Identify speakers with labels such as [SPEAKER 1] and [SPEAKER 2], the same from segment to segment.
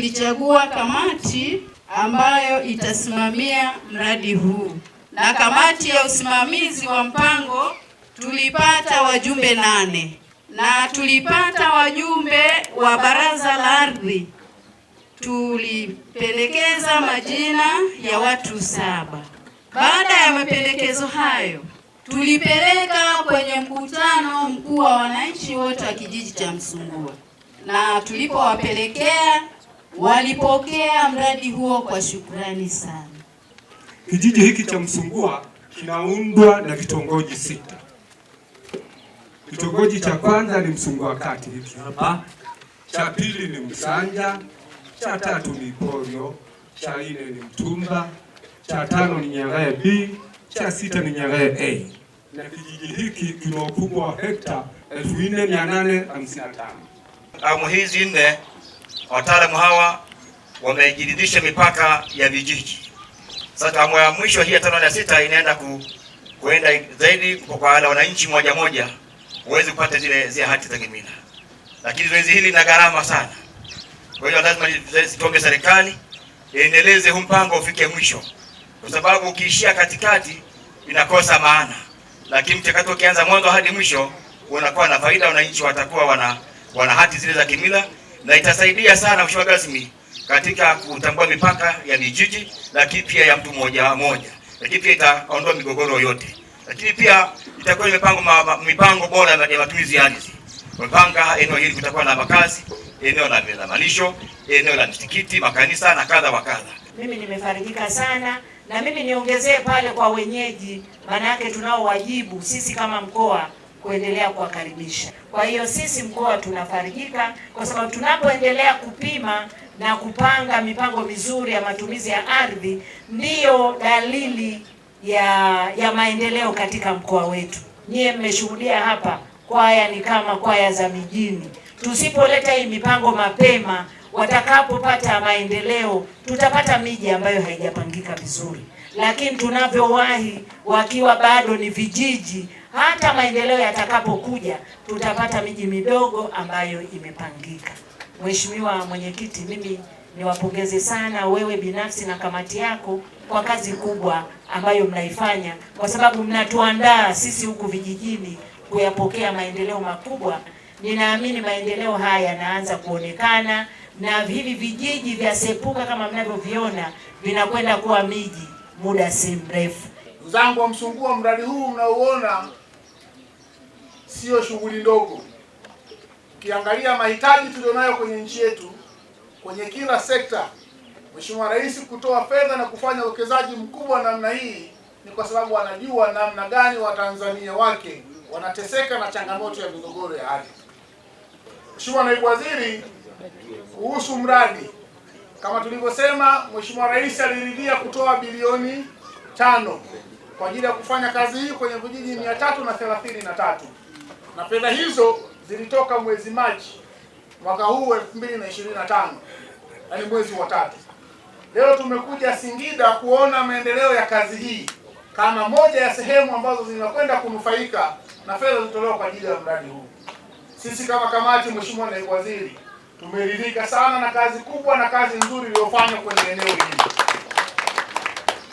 [SPEAKER 1] tulichagua kamati ambayo itasimamia mradi huu, na kamati ya usimamizi wa mpango tulipata wajumbe nane na tulipata wajumbe wa baraza la ardhi. Tulipendekeza majina ya watu saba. Baada ya mapendekezo hayo, tulipeleka kwenye mkutano mkuu wa wananchi wote wa kijiji cha Msungua, na tulipowapelekea walipokea mradi huo kwa shukrani sana.
[SPEAKER 2] Kijiji hiki cha Msungua kinaundwa na vitongoji sita. Kitongoji cha kwanza ni Msungua kati hiki hapa, cha pili ni Msanja, cha tatu ni Ponyo, cha nne ni Mtumba, cha tano ni Nyang'haya B, cha sita ni Nyang'haya A. Na kijiji hiki kina ukubwa wa hekta 4855.
[SPEAKER 3] Amu hizi nne Wataalamu hawa wameijiridhisha mipaka ya vijiji. Sasa tamu ya mwisho hii ya tano na sita inaenda ku, kuenda zaidi kwa wale wananchi moja moja uweze kupata zile zile hati za kimila, lakini zoezi hili na gharama sana. Kwa hiyo lazima tuombe serikali iendeleze huu mpango ufike mwisho, kwa sababu ukiishia katikati inakosa maana, lakini mchakato ukianza mwanzo hadi mwisho unakuwa na faida. Wananchi watakuwa wana, wana hati zile za kimila na itasaidia sana mheshimiwa Kassim katika kutambua mipaka ya vijiji, lakini pia ya mtu mmoja mmoja, lakini pia itaondoa migogoro yote, lakini pia itakuwa ni mipango, mipango bora ya matumizi ya ardhi. Mpanga eneo hili kutakuwa na makazi, eneo la malisho, eneo la misikiti, makanisa na kadha wa kadha.
[SPEAKER 4] Mimi nimefarijika sana na mimi niongezee pale kwa wenyeji, maana yake tunao wajibu sisi kama mkoa kuendelea kuwakaribisha. Kwa hiyo sisi mkoa tunafarijika kwa sababu tunapoendelea kupima na kupanga mipango mizuri ya matumizi ya ardhi, ndiyo dalili ya ya maendeleo katika mkoa wetu. Nyie mmeshuhudia hapa, kwaya ni kama kwaya za mijini. Tusipoleta hii mipango mapema, watakapopata maendeleo, tutapata miji ambayo haijapangika vizuri, lakini tunavyowahi wakiwa bado ni vijiji hata maendeleo yatakapokuja tutapata miji midogo ambayo imepangika. Mheshimiwa Mwenyekiti, mimi niwapongeze sana wewe binafsi na kamati yako kwa kazi kubwa ambayo mnaifanya, kwa sababu mnatuandaa sisi huku vijijini kuyapokea maendeleo makubwa. Ninaamini maendeleo haya yanaanza kuonekana na hivi vijiji vya sepuka kama mnavyoviona vinakwenda kuwa miji muda si mrefu.
[SPEAKER 5] Zangu wa Msungua, mradi huu mnaouona sio shughuli ndogo. Ukiangalia mahitaji tulionayo kwenye nchi yetu kwenye kila sekta, Mheshimiwa Rais kutoa fedha na kufanya uwekezaji mkubwa namna hii ni kwa sababu anajua namna gani Watanzania wake wanateseka na changamoto ya migogoro ya ardhi. Mheshimiwa Naibu Waziri, kuhusu mradi kama tulivyosema, Mheshimiwa Rais aliridhia kutoa bilioni tano kwa ajili ya kufanya kazi hii kwenye vijiji mia tatu na thelathini na tatu na fedha hizo zilitoka mwezi Machi mwaka huu 2025, yani mwezi wa tatu. Leo tumekuja Singida kuona maendeleo ya kazi hii kama moja ya sehemu ambazo zinakwenda kunufaika na fedha zilizotolewa kwa ajili ya mradi huu. Sisi kama kamati, Mheshimiwa Naibu Waziri, tumeridhika sana na kazi kubwa na kazi nzuri iliyofanywa kwenye eneo hili.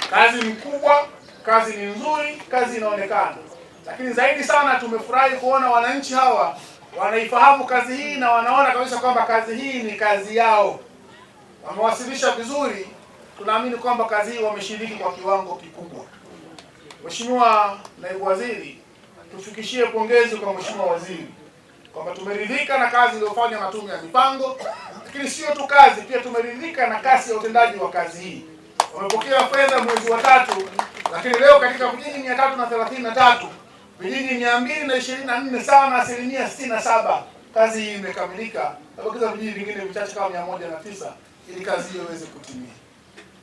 [SPEAKER 5] Kazi ni kubwa, kazi ni nzuri, kazi inaonekana lakini zaidi sana tumefurahi kuona wananchi hawa wanaifahamu kazi hii na wanaona kabisa kwamba kazi hii ni kazi yao. Wamewasilisha vizuri, tunaamini kwamba kazi hii wameshiriki kwa kiwango kikubwa. Mheshimiwa Naibu Waziri, tufikishie pongezi kwa Mheshimiwa Waziri kwamba tumeridhika na kazi iliyofanywa na Tume ya Mipango, lakini sio tu kazi, pia tumeridhika na kasi ya utendaji wa kazi hii. Wamepokea fedha mwezi wa tatu, lakini leo katika vijiji mia tatu na thelathini na tatu vijiji mia mbili na ishirini na nne sawa na asilimia sitini na saba kazi hii imekamilika. Tabakiza vijiji vingine vichache kama mia moja na tisa ili kazi hiyo iweze kutimia.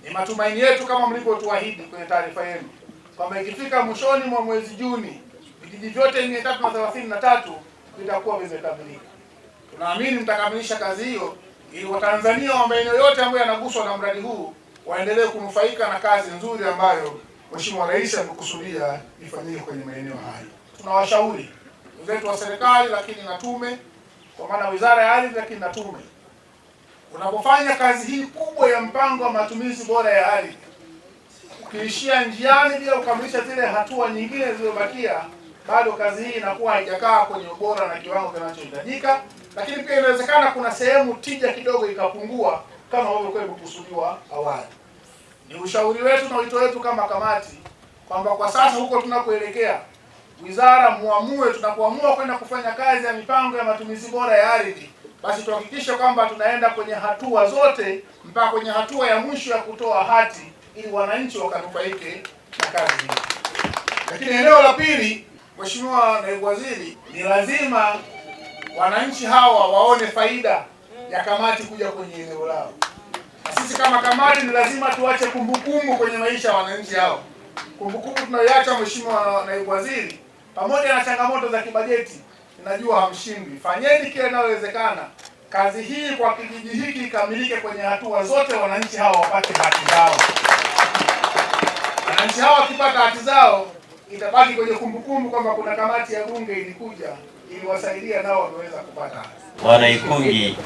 [SPEAKER 5] Ni matumaini yetu kama mlivyotuahidi kwenye taarifa yenu kwamba ikifika mwishoni mwa mwezi Juni vijiji vyote mia tatu na thelathini na tatu vitakuwa vimekamilika. Tunaamini mtakamilisha kazi hiyo ili Watanzania wa maeneo yote ambayo yanaguswa na mradi huu waendelee kunufaika na kazi nzuri ambayo Mheshimiwa Rais amekusudia ifanyike kwenye maeneo hayo. Tunawashauri wenzetu wa serikali, lakini na tume, kwa maana Wizara ya Ardhi, lakini na tume, unapofanya kazi hii kubwa ya mpango wa matumizi bora ya ardhi, ukiishia njiani bila kukamilisha zile hatua nyingine zilizobakia, bado kazi hii inakuwa haijakaa kwenye ubora na kiwango kinachohitajika, lakini pia inawezekana kuna sehemu tija kidogo ikapungua kama ambavyo ilikuwa imekusudiwa awali. Ni ushauri wetu na wito wetu kama kamati kwamba kwa sasa huko tunakoelekea, wizara muamue, tunapoamua kwenda kufanya kazi ya mipango ya matumizi bora ya ardhi, basi tuhakikishe kwamba tunaenda kwenye hatua zote mpaka kwenye hatua ya mwisho ya kutoa hati ili wananchi wakanufaike na kazi hii. Lakini eneo la pili, Mheshimiwa Naibu Waziri, ni lazima wananchi hawa waone faida ya kamati kuja kwenye eneo lao sisi kama kamati ni lazima tuache kumbukumbu kwenye maisha ya wananchi hao. Kumbukumbu tunayoacha, Mheshimiwa Naibu Waziri, pamoja na changamoto za kibajeti, ninajua hamshindwi. Fanyeni kile linalowezekana kazi hii kwa kijiji hiki ikamilike kwenye hatua zote, wananchi hao wapate haki zao. Wananchi hao wakipata haki zao, itabaki kwenye kumbukumbu kwamba kuna kamati ya bunge ilikuja iliwasaidia, nao wameweza kupata.
[SPEAKER 6] wanaikungi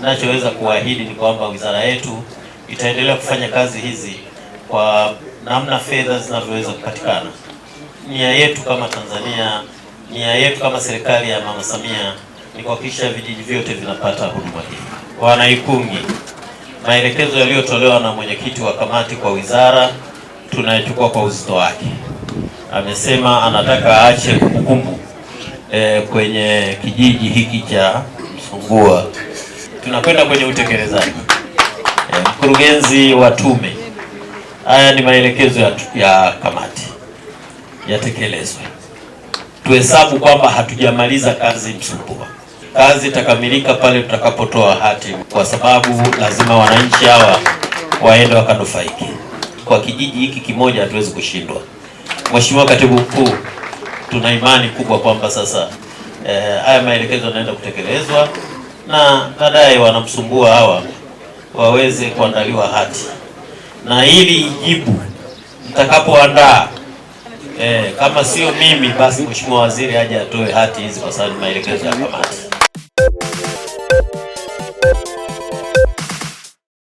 [SPEAKER 6] Ninachoweza kuahidi ni kwamba wizara yetu itaendelea kufanya kazi hizi kwa namna fedha zinavyoweza kupatikana. Nia yetu kama Tanzania, nia yetu kama serikali ya Mama Samia ni kuhakikisha vijiji vyote vinapata huduma hii. Wanaikungi, maelekezo yaliyotolewa na mwenyekiti wa kamati kwa wizara tunayechukua kwa uzito wake. Amesema anataka aache kumbukumbu e, eh, kwenye kijiji hiki cha Msungua tunakwenda kwenye utekelezaji. E, mkurugenzi wa tume, haya ni maelekezo ya, ya kamati yatekelezwe. Tuhesabu kwamba hatujamaliza kazi Msumbua. Kazi itakamilika pale tutakapotoa hati, kwa sababu lazima wananchi hawa waende wakanufaike. Kwa kijiji hiki kimoja hatuwezi kushindwa. Mheshimiwa Katibu Mkuu, tuna imani kubwa kwamba sasa eh, haya maelekezo yanaenda kutekelezwa na baadaye wanamsumbua hawa waweze kuandaliwa hati, na hili jibu mtakapoandaa eh, kama sio mimi basi mheshimiwa waziri aje atoe hati hizi kwa sababu maelekezo ya kamati.